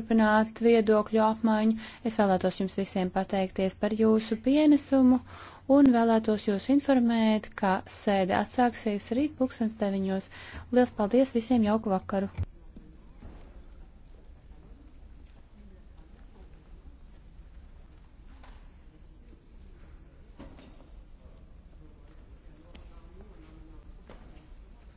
turpināt viedokļu apmaiņu. Es vēlētos jums visiem pateikties par jūsu pienesumu un vēlētos jūs informēt, ka sēde atsāksies rīt pulkstens deviņos. Liels paldies visiem, jauku vakaru!